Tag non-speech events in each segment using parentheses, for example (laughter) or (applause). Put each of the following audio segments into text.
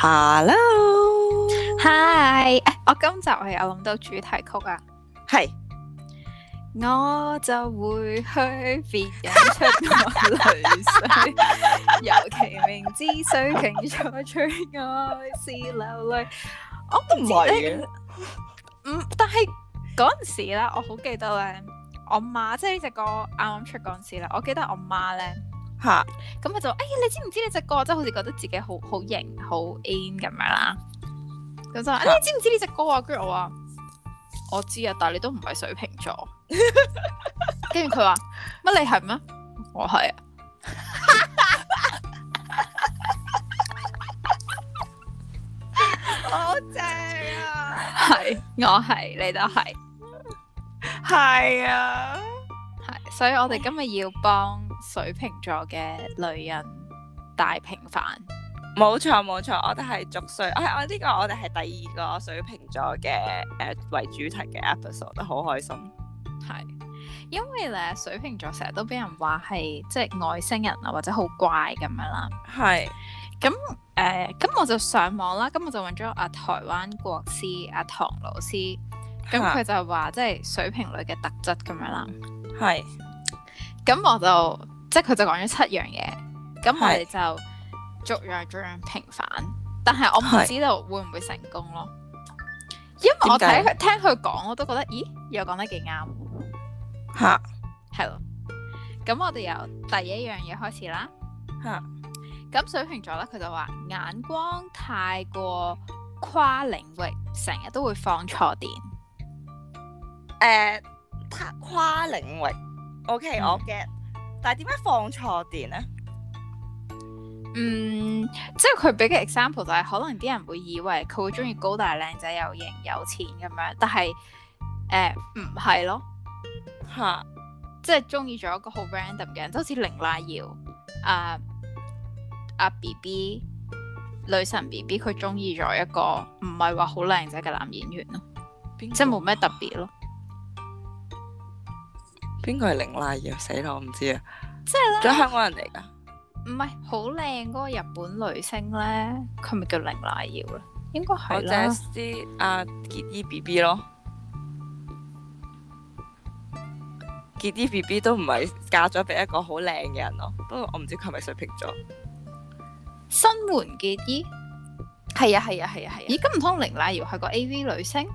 Hello，Hi，我今集係有諗到主題曲啊，係是我就會去別人出我淚水，尤 (laughs) 其明知水瓶座最愛是流淚，我都唔係嘅。唔，但係嗰陣時咧，我好記得咧，我媽即係呢隻歌啱啱出嗰陣時咧，我記得我媽咧。吓，咁佢下就，哎、欸、呀，你知唔知呢隻歌真係好似覺得自己好好型，好 in 咁樣啦。咁就，哎、欸、你知唔知呢隻歌啊？Girl 跟住我話，我知啊，但係你都唔係水瓶座。跟住佢話，乜你係咩？我係 (laughs) 啊。好正啊！係，我係，你都係，係啊，係。所以我哋今日要幫。水瓶座嘅女人大平反，冇錯冇錯，我哋係逐歲，我、哎、呢、這個我哋係第二個水瓶座嘅誒、呃、為主題嘅 episode，都好開心。係，因為咧水瓶座成日都俾人話係即係外星人啊，或者好怪咁樣啦。係是，咁誒咁我就上網啦，咁我就揾咗阿台灣國師阿、啊、唐老師，咁佢就話哈即係水瓶女嘅特質咁樣啦。係是，咁我就。即係佢就講咗七樣嘢，咁我哋就逐樣逐樣平反，但係我唔知道會唔會成功咯。因為我睇佢聽佢講，我都覺得，咦，又講得幾啱。吓，係咯。咁我哋由第一樣嘢開始啦。吓，咁水瓶座咧，佢就話眼光太過跨領域，成日都會放錯電。誒，跨跨領域，OK，我 get。但係點解放錯電呢？嗯，即係佢俾嘅 example 就係可能啲人會以為佢會中意高大靚仔又型有錢咁樣，但係誒唔係咯吓、啊，即係中意咗一個好 random 嘅人，即好似林麗瑤啊啊 B B 女神 B B 佢中意咗一個唔係話好靚仔嘅男演員誰咯，即係冇咩特別咯。邊個係綾瀨遙？死啦，我唔知啊！即係啦，仲香港人嚟噶？唔係，好靚嗰個日本女星咧，佢咪叫綾瀨遙啦？應該係。我淨係知阿結衣 B B 咯，結衣 B B 都唔係嫁咗俾一個好靚嘅人咯。不過我唔知佢係咪水瓶座。新垣結衣，係啊係啊係啊係啊！啊啊啊啊咦，咁唔通綾瀨遙係個 A V 女星？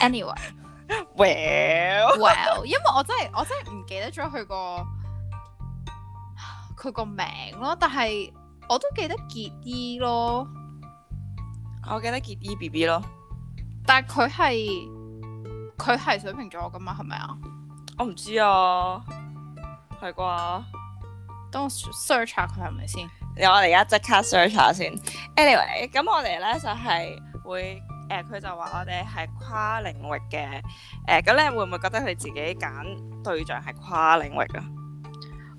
Anyway，Well，Well， (laughs) 因為我真係我真係唔記，記得咗佢個佢個名咯，但係我都記得杰伊咯，我記得杰伊 B B 咯，但係佢係佢係水瓶座噶嘛，係咪啊？我唔知啊，係啩？等我 search 下佢係咪先。你我哋而家即刻 search 下先。Anyway，咁我哋咧就係、是、會。誒佢、呃、就話我哋係跨領域嘅，誒、呃、咁你會唔會覺得佢自己揀對象係跨領域啊？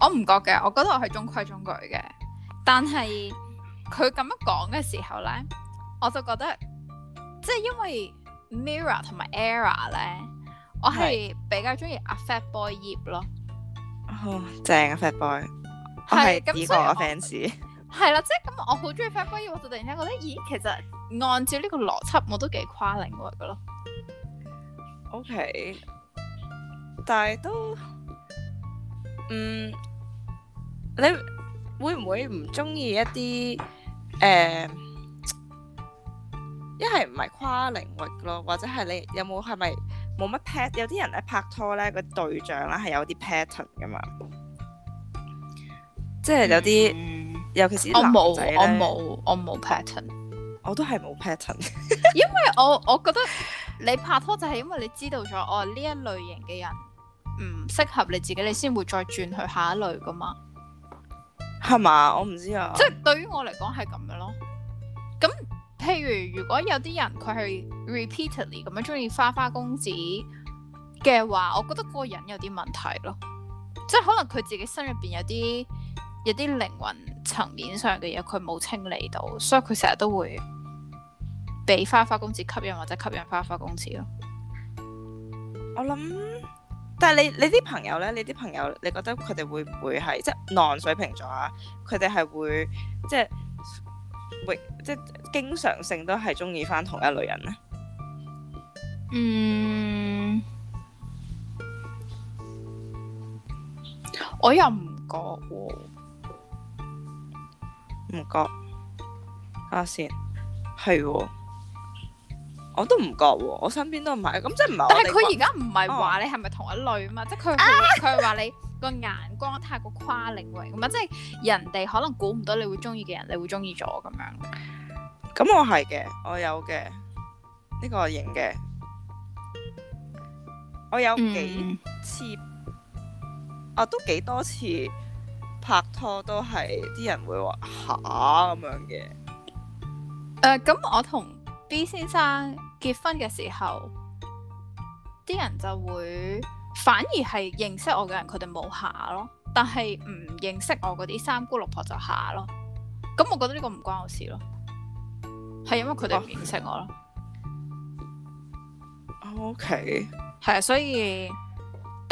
我唔覺嘅，我覺得我係中規中矩嘅，但係佢咁樣講嘅時候咧，我就覺得即係因為 Mirror 同埋 Error 咧，我係比較中意阿 Fat Boy 葉咯。哦、呃，正啊！Fat Boy 係幾個 fans？ (laughs) 係啦，即係咁，我好中意 f i r 我就突然間覺得，咦，其實按照呢個邏輯，我都幾跨領域嘅咯。OK，但係都，嗯，你會唔會唔中意一啲誒？一係唔係跨領域咯，或者係你有冇係咪冇乜 p a d 有啲人咧，拍拖咧，個對象啦係有啲 pattern 㗎嘛，即係有啲。嗯尤其是我冇，我冇，我冇 pattern，我都係冇 pattern。因為我我覺得你拍拖就係因為你知道咗哦，呢一類型嘅人唔適合你自己，你先會再轉去下一類㗎嘛。係嘛？我唔知啊。即係對於我嚟講係咁樣咯。咁譬如如果有啲人佢係 repeatedly 咁樣中意花花公子嘅話，我覺得嗰個人有啲問題咯。即係可能佢自己身入邊有啲。有啲靈魂層面上嘅嘢，佢冇清理到，所以佢成日都會畀花花公子吸引或者吸引花花公子咯。我諗，但係你你啲朋友呢？你啲朋友，你覺得佢哋會唔會係即係狼水瓶座啊？佢哋係會即係即係經常性都係中意翻同一類人呢？嗯，我又唔覺喎、哦。唔覺，睇下先，係喎，我都唔覺喎，我身邊都唔係，咁即係唔係。但係佢而家唔係話你係咪同一類啊嘛，哦、即係佢佢係話你個眼光太過跨領域，咁啊，即係人哋可能估唔到你會鍾意嘅人，你會鍾意咗咁樣。咁我係嘅，我有嘅，呢、呢個型嘅，我有幾次，嗯、啊都幾多次。拍拖都係啲人會話下咁、啊、樣嘅。誒、uh, 嗯，咁我同 B 先生結婚嘅時候，啲人就會反而係認識我嘅人，佢哋冇下咯。但係唔認識我嗰啲三姑六婆就下咯。咁、嗯、我覺得呢個唔關我事咯，係因為佢哋唔認識我咯。OK，係啊，所以。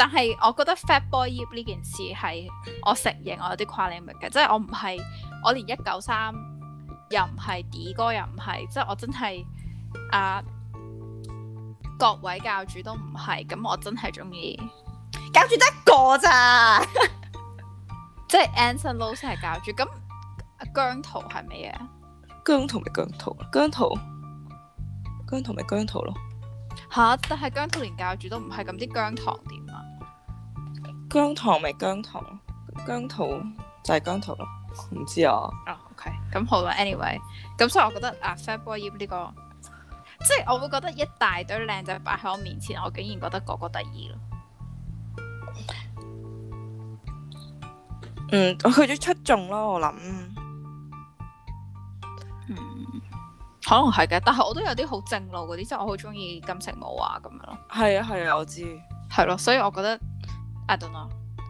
但係我覺得 Fat Boy Yip 呢件事係我承認我有啲跨領域嘅，即係 (laughs) 我唔係我連一九三又唔係 D 哥又唔係，即係我真係啊各位教主都唔係，咁我真係鍾意教主得一個咋，即係 Anson Lo 係教主，咁姜濤係咩嘢？姜濤咪姜濤，姜濤姜濤咪姜濤咯吓？但係姜濤連教主都唔係，咁啲姜糖點啊？姜糖咪姜糖，姜糖就係、是、姜糖咯，唔知啊。哦、oh，OK，咁好啦。Anyway，咁所以我覺得啊 (music) ，Fat Boy 呢、這個，即係我會覺得一大堆靚仔擺喺我面前，我竟然覺得個個得意咯。嗯，我佢最出眾咯，我諗。嗯，可能係嘅，但係我都有啲好正路嗰啲，即係我好中意金城武 (music) 啊咁樣咯。係啊係啊，我知。係咯、 (music) 啊，所以我覺得。Adam 啊，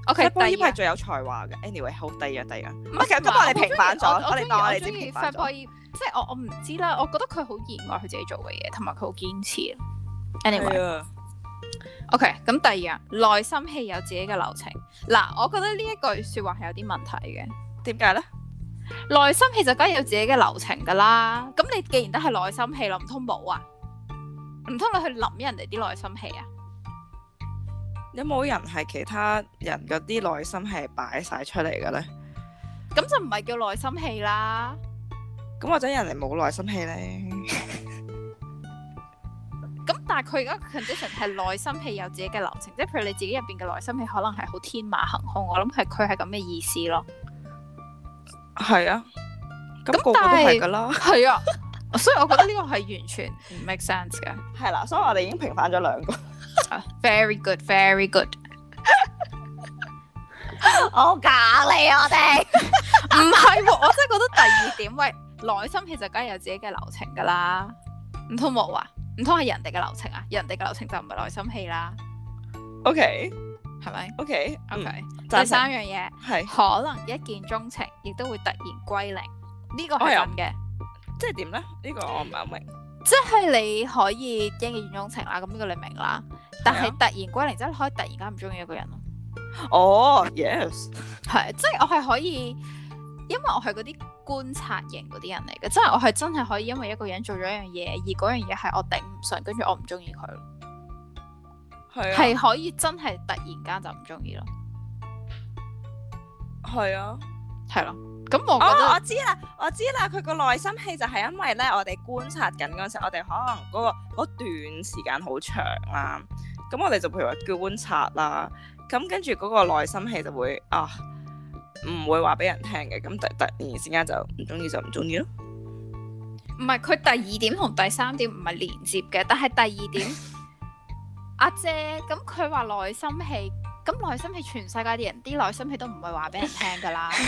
我覺得波伊係最有才華嘅，anyway 好第一樣，第一樣。唔係，其實今日我哋平反咗，我哋我哋我哋即係我我唔知啦，我覺得佢好熱愛佢自己做嘅嘢，同埋佢好堅持。anyway，OK，咁第二啊，內心戲有自己嘅流程。嗱，我覺得呢一句説話係有啲問題嘅，點解咧？內心戲就梗係有自己嘅流程㗎啦。咁你既然都係內心戲，唔通冇啊？唔通你去諗人哋啲內心戲啊？有冇人係其他人嗰啲內心戲擺晒出嚟嘅咧？咁就唔係叫內心戲啦。咁或者人哋冇內心戲咧。咁 (laughs) 但係佢而家 condition 係內心戲有自己嘅流程，即係譬如你自己入邊嘅內心戲可能係好天馬行空，我諗係佢係咁嘅意思咯。係啊。咁個個個都係噶啦。係啊。所以我覺得呢個係完全唔 make sense 嘅。係啦，所以我哋已經平反咗兩個。 (noise) Very good, very good (laughs) (laughs) 我我。我假你，啊，我哋唔係，我真係覺得第二點，喂，內心戲就梗係有自己嘅流程噶啦，唔通冇啊？唔通係人哋嘅流程啊？人哋嘅流程就唔係內心戲啦。OK, 係咪？OK OK, 第三樣嘢係、嗯、可能一見鍾情，是亦都會突然歸零。呢、這個係咁嘅，即係點咧？呢、這個我唔係好明。即係你可以一見鍾情啦，咁呢個你明啦。但係突然歸零之後，可以突然間唔中意一個人咯。哦，oh, yes，係， (laughs) 即係我係可以，因為我係嗰啲觀察型嗰啲人嚟嘅，即係我係真係可以因為一個人做咗一樣嘢，而嗰樣嘢係我頂唔順，跟住我唔中意佢咯。係係、啊、可以真係突然間就唔中意咯。係啊，係咯、啊。咁我知啦、哦，我知啦，佢個內心戲就係因為咧，我哋觀察緊嗰陣，我哋可能嗰、嗰個段時間好長啦、啊。咁我哋就譬如話叫觀察啦，咁跟住嗰個內心戲就會啊，唔會話俾人聽嘅。咁突突然之間就唔中意就唔中意咯。唔係佢第二點同第三點唔係連接嘅，但係第二點 (laughs) 阿姐咁佢話內心戲，咁內心戲全世界啲人啲內心戲都唔會話俾人聽㗎啦。 (laughs)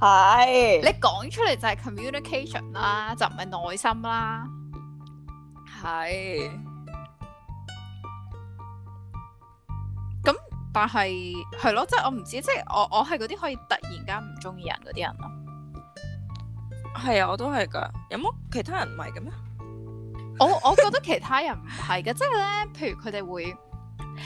係，你講出嚟就係 communication 啦，嗯、就唔係內心啦。係、嗯，咁是但係係咯，即係、就是、我唔知，即、就、係、是、我我係嗰啲可以突然間唔中意人嗰啲人咯。係啊，我都係噶。有冇其他人唔係嘅咩？我我覺得其他人唔係嘅，即係咧，譬如佢哋會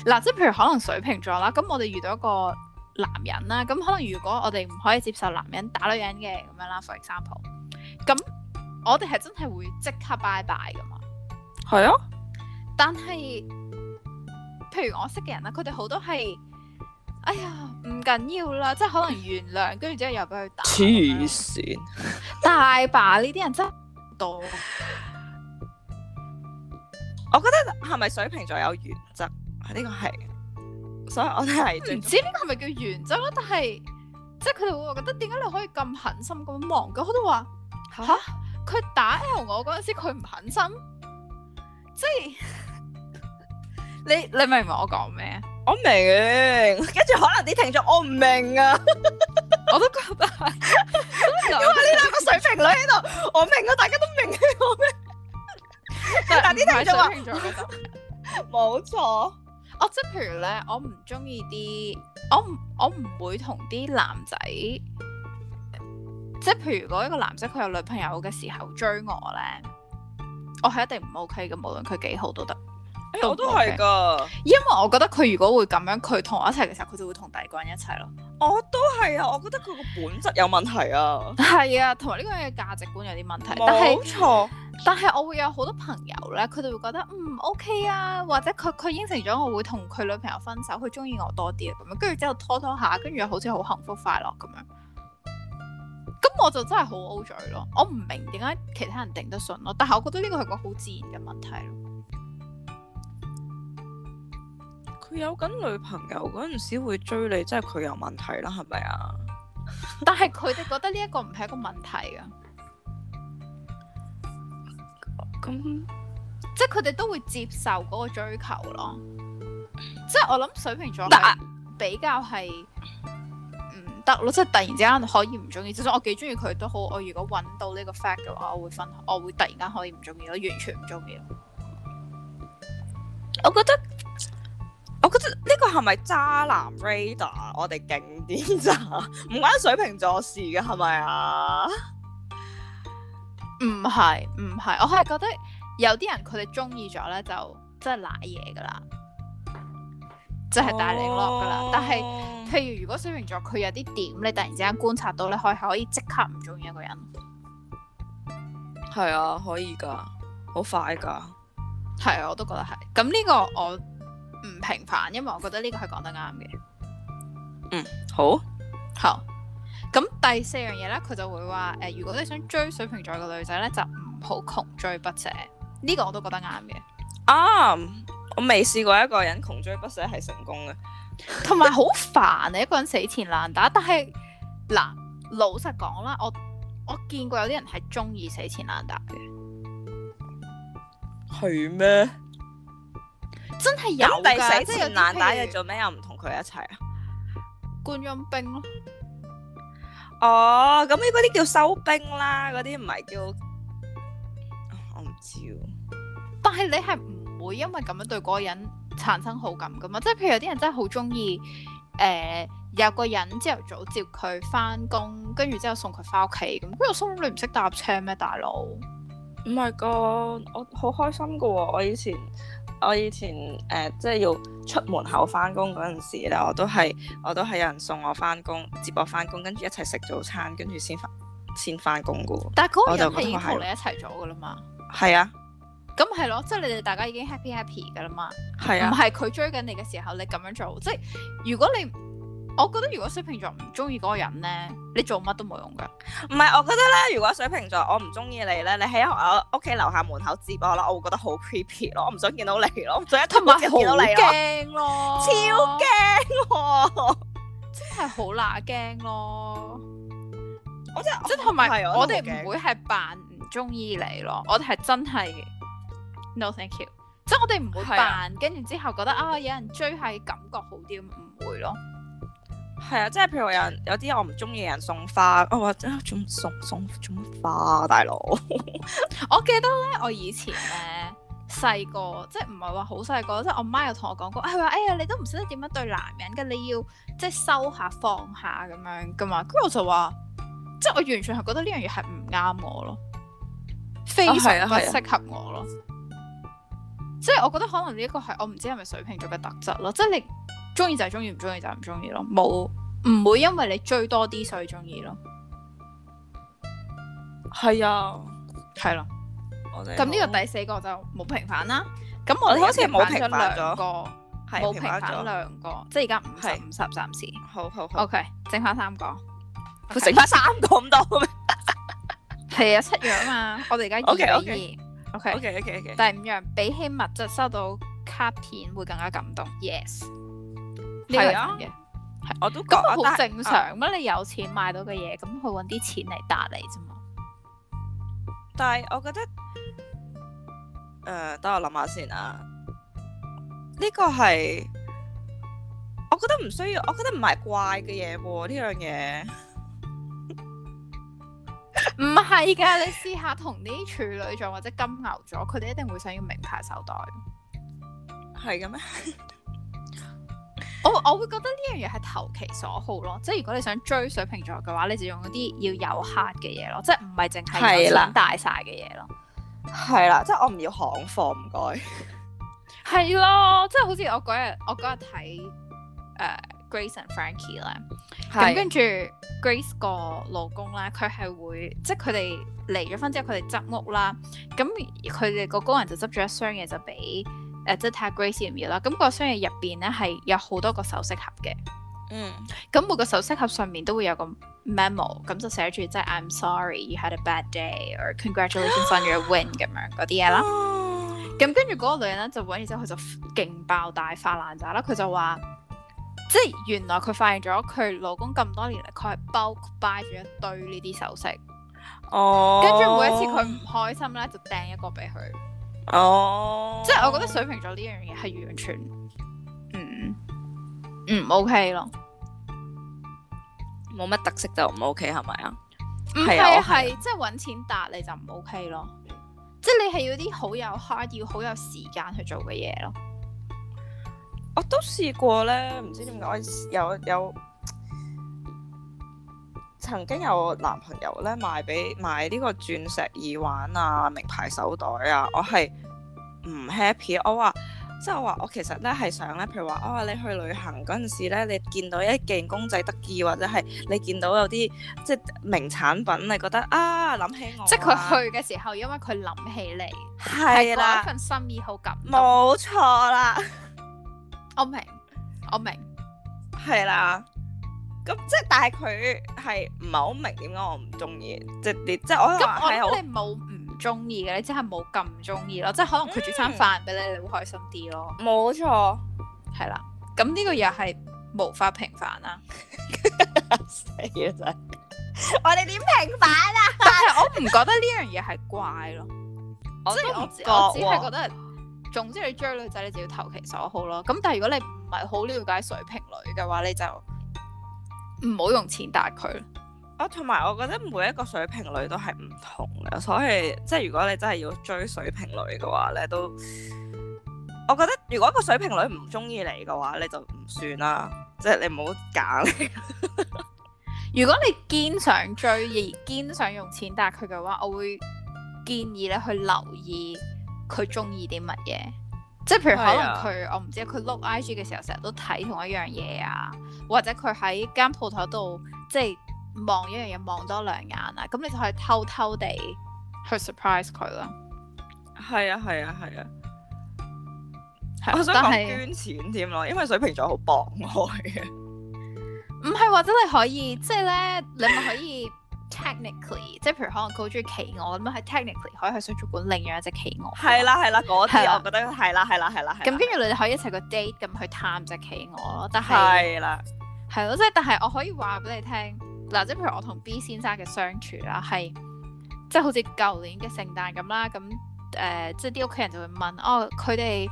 嗱，即係、就是、譬如可能水瓶座啦，咁我哋遇到一個。男人啦，咁可能如果我哋唔可以接受男人打女人嘅咁樣啦，for example，咁我哋係真係會即刻拜拜 e 噶嘛。係啊，但係，譬如我識嘅人啦，佢哋好多係，哎呀唔緊要啦，即係可能原諒，跟住 (laughs) 之後又俾佢打。黐線經，大 (laughs) 把呢啲人真係多。 (laughs) 我覺得係咪水瓶座有原則？呢、啊這個係。所以我都係唔知呢個係咪叫原則咯，但係即係佢哋會覺得點解你可以咁狠心咁忙嘅？佢都話吓，佢蛤、啊、打同我嗰陣時佢唔狠心，即係 (laughs) 你你明唔明我講咩、啊？ (laughs) (laughs) 我明，跟住可能啲聽眾我唔明啊，我都覺得，因為呢兩個水瓶女喺度，我明啊，大家都明啊，我明 (laughs) (laughs) 但係啲聽眾冇錯。 (laughs) (laughs) 哦，即係譬如咧，我唔中意啲，我唔我唔會同啲男仔，即係譬如如果一個男仔佢有女朋友嘅時候追我咧，我係一定唔 OK 嘅，無論佢幾好都得。嗯、我都係噶，因為我覺得佢如果會咁樣，佢同我一齊嘅時候，佢就會同第二個人一齊咯。我都係啊，我覺得佢個本質有問題啊。係 (laughs) 啊，同埋呢樣嘢價值觀有啲問題。冇錯錯。但係我會有好多朋友咧，佢哋會覺得唔、嗯、OK 啊，或者佢佢應承咗我會同佢女朋友分手，佢中意我多啲啊，咁樣跟住之後拖拖下，跟住好似好幸福快樂咁樣。咁我就真係好 O 嘴咯，我唔明點解其他人頂得順咯，但係我覺得呢個係個好自然嘅問題咯。有緊女朋友嗰陣時會追你，即係佢有問題啦，係咪啊？ (laughs) 但係佢哋覺得呢一個唔係一個問題啊。咁 (laughs) 那即係佢哋都會接受嗰個追求咯。即係我諗水瓶座比較係唔得咯，但即係突然之間可以唔中意，就算、是、我幾中意佢都好。我如果搵到呢個 fact 嘅話，我會分，我會突然間可以唔中意，我完全唔中意。我覺得。我覺得呢個係咪渣男 Radar？我哋勁啲咋？唔關水瓶座事㗎，係咪啊？唔係唔係，我係覺得有啲人佢哋中意咗咧，就真係瀨嘢噶啦，就係帶嚟落噶啦。哦、但係譬如如果水瓶座佢有啲點你突然之間觀察到咧，你可以即刻唔中意一個人。係啊，可以噶，好快噶。係啊，我都覺得係。咁呢個我。唔平凡，因為我覺得呢個係講得啱嘅。嗯，好，好。咁第四樣嘢呢，佢就會話：誒、呃，如果你想追水瓶座嘅女仔呢，就唔好窮追不捨。呢個我都覺得啱嘅。啱、啊，我未試過一個人窮追不捨係成功嘅。同埋好煩你 (laughs) 一個人死纏爛打，但係嗱，老實講啦，我我見過有啲人係中意死纏爛打嘅。係咩？真係有嘅，即係有啲打嘢如做咩又唔同佢一齊啊？觀音兵咯。哦，咁呢啲叫收兵啦，嗰啲唔係叫，oh, 我唔知喎。但係你係唔會因為咁樣對嗰個人產生好感噶嘛？即、就、係、是、譬如有啲人真係好中意，誒、呃、有個人朝頭早接佢翻工，跟住之後送佢翻屋企咁。佢心諗你唔識搭車咩，大佬？唔係個，我好開心噶喎，我以前。我以前誒、呃、即係要出門口翻工嗰陣時咧，我都係我都係有人送我翻工，接我翻工，跟住一齊食早餐，跟住先翻先翻工噶。但係嗰個人係已經同你一齊咗噶啦嘛。係啊，咁係咯，即係你哋大家已經 happy happy 噶啦嘛。係啊，唔係佢追緊你嘅時候，你咁樣做，即係如果你。我覺得如果水瓶座唔中意嗰個人咧，你做乜都冇用噶。唔係，我覺得咧，如果水瓶座我唔中意你咧，你喺我屋企樓下門口接我啦，我會覺得好 creepy 咯，我唔想見到你咯。想一，同埋見到你咯，驚 (laughs) 怕咯，咯，超驚，真係好乸驚咯。我真即係同埋， (laughs) (laughs) 我哋唔會係扮唔中意你咯，我哋係真係 no thank you，即係我哋唔會扮，跟住、啊、之後覺得、嗯、啊有人追係感覺好啲，唔會咯。係啊，即係譬如有有啲我唔中意嘅人送花，我對話：，做 (noise) 送樂，送送花大佬！我記得咧，我以前咧細個，即係唔係話好細個，即係我媽又同我講過，佢話：哎呀，你都唔識得點樣對男人嘅，你要即係收下放下咁樣噶嘛。跟住我就話，即係我完全係覺得呢樣嘢係唔啱我咯，非常唔適合我咯。額著 einen 即係我覺得可能呢一個係我唔知係咪水瓶座嘅特質咯，即係你中意就係中意，唔中意就唔中意咯，冇唔會因為你追多啲所以中意咯。係啊，係咯、啊。咁呢們個第四個就冇平反啦。咁我哋好似冇平反咗兩個，冇是平反兩個，即係而家五十五十暫時，好好好，OK，剩翻三個，okay, 剩翻三個咁多咩？係 (laughs) 啊，七樣啊嘛， (laughs) 我哋而家二比 O K，O K，O K，O K。第五樣比起物質收到卡片會更加感動，Yes，係啊，係我都覺得好對正常。乜是你有錢買到嘅嘢，咁去搵啲錢嚟搭你啫嘛。但係我覺得，誒、呃，等我諗下先啊。呢、這個係，我覺得唔需要，我覺得唔係怪嘅嘢喎，呢、嗯、樣嘢。唔係㗎，你試下同啲處女座或者金牛座，佢哋一定會想要名牌手袋。係嘅咩？ (laughs) 我我會覺得呢樣嘢係投其所好咯，即係如果你想追水瓶座嘅話，你就用一啲要有客嘅嘢咯，即係唔係淨係有錢大晒嘅嘢咯。係啦，即係我唔要行貨，唔該。係咯， (laughs) 即係好似我嗰日我嗰日睇誒。呃 Grace 同 Frankie 啦是，咁跟住 Grace 個老公咧，佢係會即係佢哋離咗婚之後，佢哋執屋啦。咁佢哋個工人就執咗一箱嘢，就俾誒即係睇下 Grace 要唔要啦。咁、那個箱嘢入邊咧係有好多個首飾盒嘅。嗯，咁每個首飾盒上面都會有個 memo，咁就寫住即係、就是、I'm sorry you had a bad day or congratulations (laughs) on your win 咁樣嗰啲嘢啦。咁、嗯、跟住嗰個女人咧就搵完之後，佢就勁爆大發爛渣啦，佢就話。即係原來佢發現咗佢老公咁多年嚟，佢係包擺住一堆呢啲首飾、oh。哦，跟住每一次佢唔開心咧，就掟一個俾佢、oh。哦，即係我覺得水瓶座呢樣嘢係完全，唔嗯，嗯，OK 咯，冇乜特色就唔 OK 係咪啊？唔係啊，係即係揾錢搭你就唔 OK 咯，即係你係要啲好有 heart，要好有時間去做嘅嘢咯。我都試過咧，唔知點解，有有曾經有男朋友咧買俾買呢個鑽石耳環啊、名牌手袋啊，我係唔 happy。我話即係話，我話、我其實咧係想咧，譬如話，我、哦、話你去旅行嗰陣時咧，你見到一件公仔得意，或者係你見到有啲即係名產品，你覺得啊，諗起我、啊。即係佢去嘅時候，因為佢諗起你，係啦，份心意好感動。冇錯啦。我明，我明，係啦，咁即係，但係佢係唔係好明點解我唔中意，即係你，即係我係，我係冇唔中意嘅，你即係冇咁唔中意咯，即係可能佢煮餐飯俾你，你會開心啲咯。冇錯錯，係啦，咁呢個又係無法平反啦。死嘢仔， (laughs) 我哋點平反啊？ (laughs) 但係我唔覺得呢樣嘢係怪咯，即係我，我只係覺得。總之，你追女仔，你就要投其所好咯。咁但係如果你唔係好了解水瓶女嘅話，你就唔好用錢搭佢。我同埋我覺得每一個水瓶女都係唔同嘅，所以即係如果你真係要追水瓶女嘅話咧，你都我覺得如果個水瓶女唔中意你嘅話，你就唔算啦。即係你唔好揀。如果你堅想追而堅想用錢搭佢嘅話，我會建議你去留意。佢中意啲乜嘢？即係譬如可能佢，是啊、我唔知佢碌 IG 嘅時候，成日都睇同一樣嘢啊，或者佢喺間鋪頭度，即係望一樣嘢望多兩眼啊，咁你就可以偷偷地去 surprise 佢咯。係啊係啊係啊，啊啊啊我想講捐錢添咯，是因為水瓶座好博愛嘅。唔係，或者你可以，即係咧，你咪可以。 (laughs) Technically，即係譬如可能佢鍾意企鵝咁樣，係 technically 可以去水族館領養一隻企鵝。係 (noise) (noise) 啦，係啦，嗰啲我覺得係啦，係啦，係啦。咁跟住你可以一齊個 date 咁去探隻企鵝咯。但係係啦，係咯，即 (noise) 係但係我可以話俾你聽，嗱、呃，即係譬如我同 B 先生嘅相處啦，係即係好似舊年嘅聖誕咁啦，咁誒、呃，即係啲屋企人就會問哦，佢哋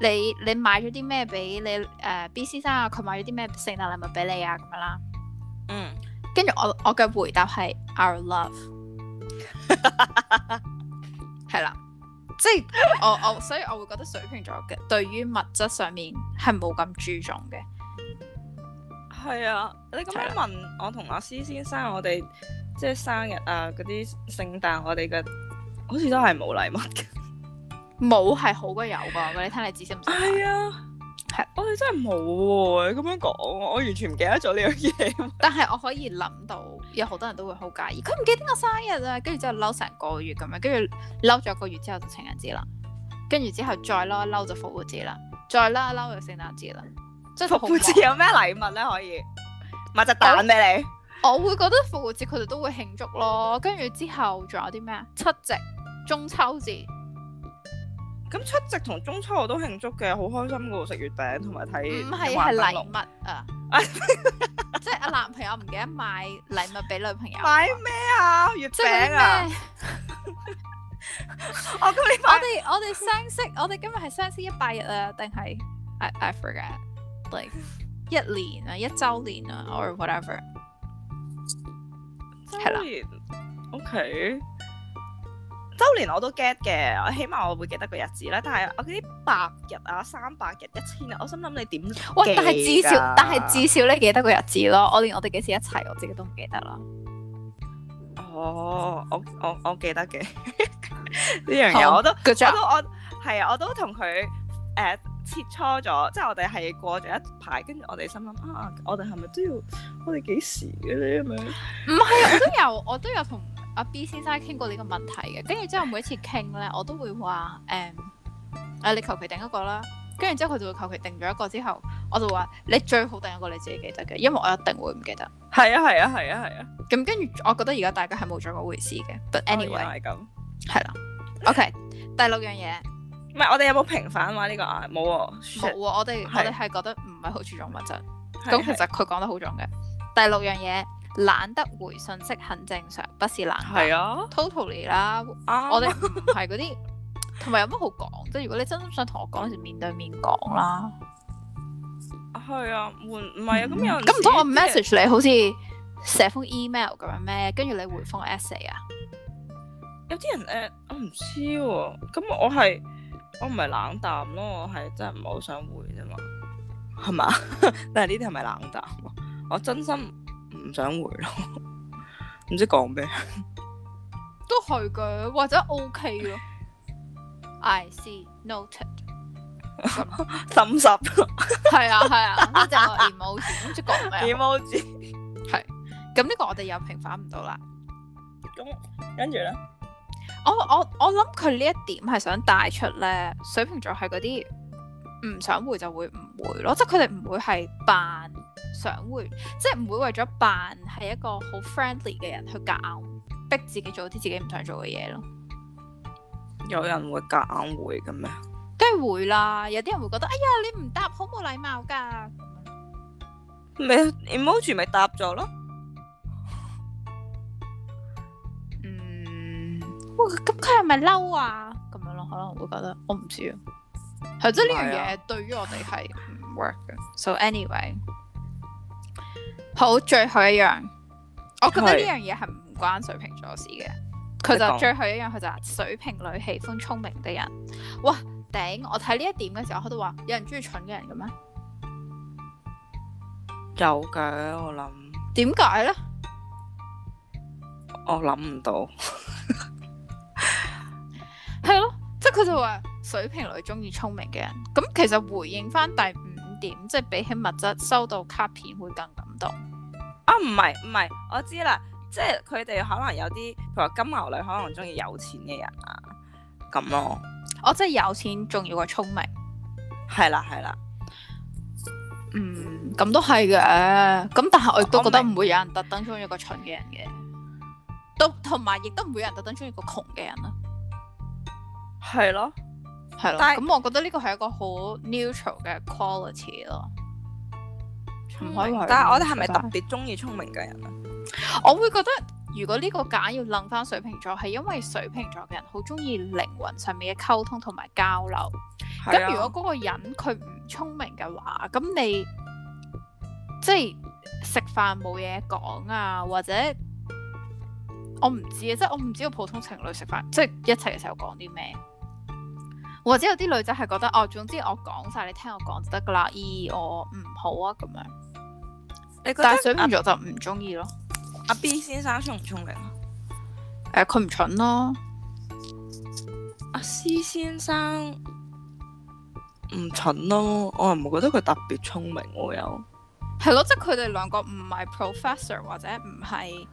你你買咗啲咩俾你誒、呃、B 先生啊？佢買咗啲咩聖誕禮物俾你啊？咁樣啦，嗯。跟住我，我嘅回答係 Our Love，係啦， (laughs) (laughs) 即係我我，所以我會覺得水瓶座嘅，對於物質上面係冇咁注重嘅。係啊，你咁樣問我同阿施先生我，我哋即係生日啊嗰啲聖誕，呃、聖誕我哋嘅好似都係冇禮物嘅，冇係好過有啩，你睇你仔細唔？啊。我哋真係冇喎，你咁樣講，我完全唔記得咗呢樣嘢。但係我可以諗到，有好多人都會好介意。佢唔記得我生日啊，跟住之後嬲成個月咁樣，跟住嬲咗一個月之後就情人節啦，跟住之後再嬲一嬲就復活節啦，再嬲一嬲就聖誕節啦。即係復活節有咩禮物咧？可以買隻蛋俾你我。我會覺得復活節佢哋都會慶祝咯，跟住之後仲有啲咩啊？七夕、中秋節。咁七夕同中秋我都慶祝嘅，好開心噶喎，食月餅同埋睇玩燈籠。唔係係禮物啊！即係阿男朋友唔記得買禮物俾女朋友。買咩啊？月餅啊！我我哋我哋相識我哋今日係相識一百日啊，定係？I I forget like 一年啊，一週年啊，or whatever。週年，OK。周年我都 get 嘅，我起碼我會記得個日子啦。但係我嗰啲百日啊、三百日、一千日，我心諗你點記哇？但係至少，但係至少你記得個日子咯。我連我哋幾時一齊，我自己都唔記得咯。哦，我我我記得嘅呢 (laughs) (laughs) 樣嘢，我都、呃即係、我都我係啊，我係，我都同佢誒切磋咗，即係我哋係過咗一排，跟住我哋心諗啊，我哋係咪都要我哋幾時嘅咧咁樣？唔係，我都有，我都有同。阿 B 先生傾過呢個問題嘅，跟住之後每一次傾咧，我都會話誒，誒、嗯、你求其定一個啦。跟住之後佢就會求其定咗一個之後，我就話你最好定一個你自己記得嘅，因為我一定會唔記得。係啊，係啊，係啊，係啊。咁跟住我覺得而家大家係冇咗嗰回事嘅。But anyway，又係咁。係啦。OK， (laughs) 第六樣嘢。唔係，我哋有冇平反話、啊、呢、呢個啊？冇喎、啊。冇喎、啊，我哋、啊、我哋係覺得唔係好注重物質。咁、啊啊、其實佢講得好重嘅。第六樣嘢。懶得回信息很正常，不是冷淡。係啊，totally 啦， (noise) 我哋唔係嗰啲，同埋 (laughs) 有乜好講？即係如果你真心想同我講，就面對面講啦。係啊，換唔係啊，咁又咁唔通我 message 你好似寫封 email 噉樣咩？跟住你回封 essay 啊 (noise) ？有啲人誒、哦，我唔知喎。咁我係我唔係冷淡咯，我係真係唔係好想回啫嘛。係嘛？ (noise) (noise) (laughs) 但係呢啲係咪冷淡？我真心。 (noise) 唔想回咯，唔知講咩，都係嘅，或者 OK 咯。I see, noted、 (laughs) 嗯。心十濕，係啊係啊，呢隻 emoji 唔知講咩 emoji，係。咁呢個我哋又平反唔到啦。咁跟住咧，我我我諗佢呢一點係想帶出咧，水瓶座係嗰啲唔想回就會唔回咯，即係佢哋唔會係扮。想會即係唔會為咗扮係一個好 friendly 嘅人去夾硬逼自己做啲自己唔想做嘅嘢咯。有人會夾硬回嘅咩？梗係會啦，有啲人會覺得，哎呀，你唔答好冇禮貌噶。咩 emoji 咪答咗咯？嗯。哇，咁佢係咪嬲啊？咁樣咯，可能會覺得我唔知。係即係呢樣嘢對於我哋係唔 work 嘅。啊、so anyway. 好，最後一樣，是我覺得呢樣嘢係唔關水瓶座事嘅。佢的就的最後一樣，佢就話水瓶女喜歡聰明的人。哇，頂！我睇呢一點嘅時候，我都話有人中意蠢嘅人嘅咩？有嘅，我諗點解呢？我諗唔到，係咯，即係佢就話水瓶女中意聰明嘅人。咁其實回應翻第五點，即係比起物質，收到卡片會更緊。啊，唔係唔係，我知啦，即係佢哋可能有啲，譬如話金牛女可能中意有錢嘅人啊，咁咯。我即係有錢，仲要個聰明，係啦係啦。啦嗯，咁都係嘅。咁但係我亦都覺得唔會有人特登中意個蠢嘅人嘅，都同埋亦都唔會有人特登中意個窮嘅人的咯。係咯，係咯。但係咁我覺得呢個係一個好 neutral 嘅 quality 咯。唔可以，但係我哋係咪特別中意聰明嘅人啊？ (noise) 我會覺得，如果呢個假要諗返水瓶座，係因為水瓶座嘅人好中意靈魂上面嘅溝通同埋交流。咁是、啊、如果嗰個人佢唔聰明嘅話，咁你即係食飯冇嘢講啊，或者我唔知啊，即係我唔知道普通情侶食飯即係一齊嘅時候講啲咩。或者有啲女仔係覺得哦，總之我講晒，你聽我講就得噶啦。咦，我唔好啊咁樣。但係水瓶座就唔中意咯阿 B，阿 B 先生聰唔聰明啊？誒、呃，佢唔蠢咯。阿、啊、C 先生唔蠢咯，我唔覺得佢特別聰明我又。係咯，即係佢哋兩個唔係 professor 或者唔係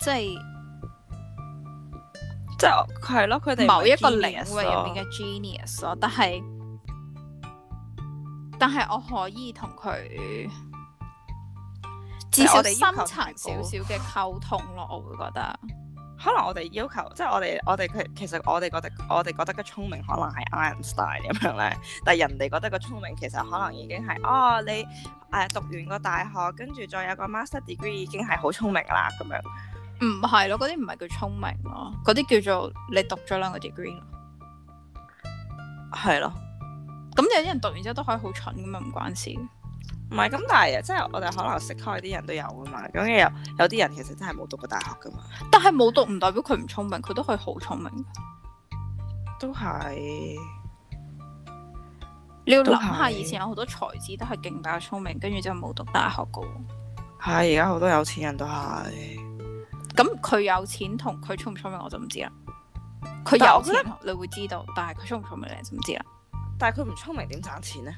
即係。即係咯，佢哋某一個領域入面嘅 genius 咯，但係但係我可以同佢至少深層少少嘅溝通咯，我會覺得。 (laughs) 可能我哋要求，即係我哋我哋佢其實我哋覺得我哋覺得嘅聰明可能係愛因斯坦咁樣咧，但係人哋覺得嘅聰明其實可能已經係哦你誒、呃、讀完個大學，跟住再有個 master degree 已經係好聰明啦咁樣。唔係咯，嗰啲唔係叫聰明咯，嗰啲叫做你讀咗兩個 degree 咯，係咯的。咁有啲人讀完之後都可以好蠢噶嘛，唔關事。唔係咁，但係即係我哋可能識開啲人都有噶嘛。咁又有啲人其實真係冇讀過大學噶嘛。但係冇讀唔代表佢唔聰明，佢都可以好聰明。都係是。你要諗下，以前有好多才子都係勁爆聰明，跟住是就冇讀大學噶。係，而家好多有錢人都係。咁佢有錢同佢聰唔聰明我就唔知啦。佢有錢，你會知道，但係佢聰唔聰明你就唔知啦。但係佢唔聰明點賺錢呢？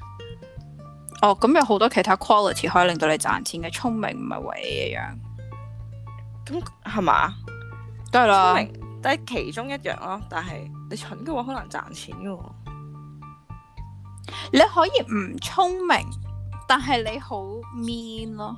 哦，咁有好多其他 quality 可以令到你賺錢嘅，聰明唔係唯一一樣。咁係嘛？了都係啦。聰明係其中一樣咯，但係你蠢嘅話好難賺錢嘅喎。你可以唔聰明，但係你好 mean 咯。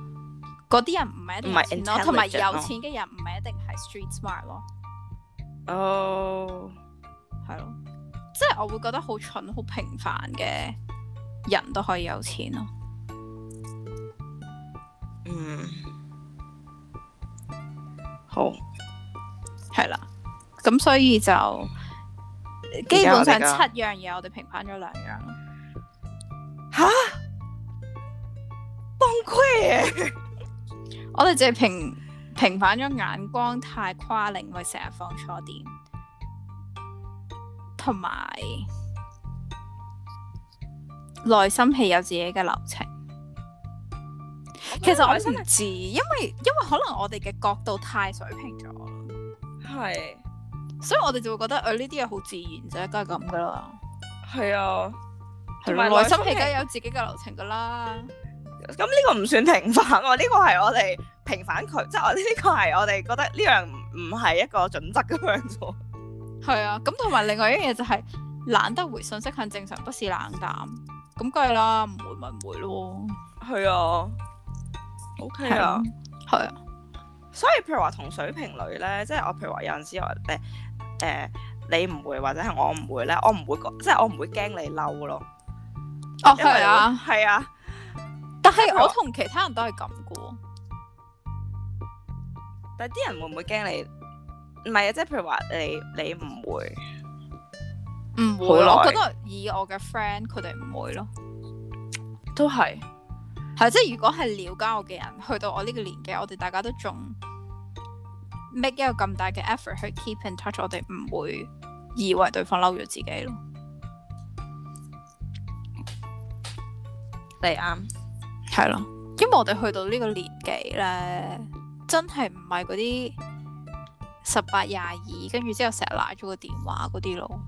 嗰啲人唔係一定有錢咯，同埋有，有錢嘅人唔係一定係 street smart 咯。哦，係咯，即係我會覺得好蠢、好平凡嘅人都可以有錢咯。嗯，mm。好，係啦，咁所以就基本上七樣嘢，我哋平反咗兩樣。吓，崩潰。 (laughs) 我哋淨係平平反咗眼光太跨齡，咪成日放錯點，同埋內心戲有自己嘅流程。其實我唔知，心因為因為可能我哋嘅角度太水平咗。係是，所以我哋就會覺得誒呢啲嘢好自然就啫，都係咁噶啦。係啊，同埋，內心戲梗係有自己嘅流程噶啦。咁呢個唔算平反喎，呢個係我哋平反佢，即係我呢個係我哋覺得呢樣唔係一個準則咁樣啫。係啊，咁同埋另外一樣嘢就係，懶得回信息很正常，不是冷淡。咁梗係啦，唔會咪唔會咯。係啊，OK 啊，係啊。所以譬如話同水瓶女咧，即係我譬如話有陣時我誒誒你唔會或者係我唔會咧，我唔會講，即係我唔會驚你嬲咯。哦，係啊，係啊。但係我同其他人都係咁嘅，但係啲人會唔會驚你？唔係啊，即係譬如話你你唔會，唔會咯。久我覺得以我嘅 friend，佢哋唔會咯，都係是，係即係如果係了解我嘅人，去到我呢個年紀，我哋大家都仲 make 一個咁大嘅 effort 去 keep in touch，我哋唔會以為對方嬲咗自己咯，你啱。係咯，因為我哋去到呢個年紀咧，真係唔係嗰啲十八廿二，跟住之後成日拿住個電話嗰啲咯。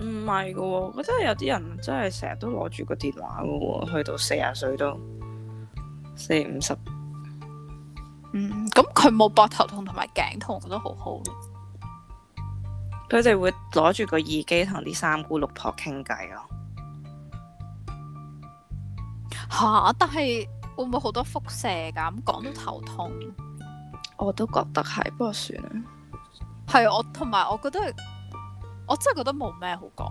唔係噶喎，我真係有啲人真係成日都攞住個電話噶喎、哦，去到四十歲都四五十。嗯，咁佢冇膊頭痛同埋頸痛，我覺得好好。佢哋會攞住個耳機同啲三姑六婆傾偈咯。吓！但係會唔會好多輻射噶？咁講到頭痛。我都覺得係，不過算啦。係我同埋，我覺得我真係覺得冇咩好講。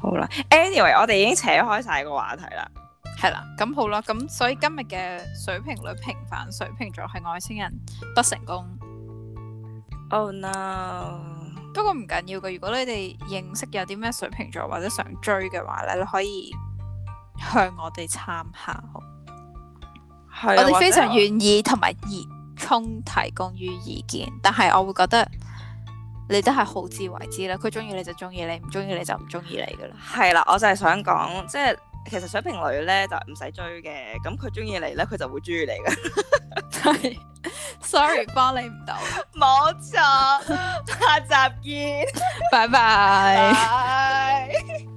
好啦，anyway，我哋已經扯開晒個話題啦。係啦，咁好啦，咁所以今日嘅水瓶女平反，水瓶座係外星人不成功。Oh no！不過唔緊要嘅，如果你哋認識有啲咩水瓶座或者想追嘅話咧，你可以。向我哋參考，我哋非常願意同埋熱衷提供於意見，但係我會覺得你都係好自為之啦。佢中意你就中意你，唔中意你就唔中意你噶啦。係啦，我就係想講，即係其實水瓶女呢，就唔使追嘅，咁佢中意你呢，佢就會中意你噶。 (laughs) (laughs) Sorry，幫你唔到。冇錯，下集見，拜拜 bye。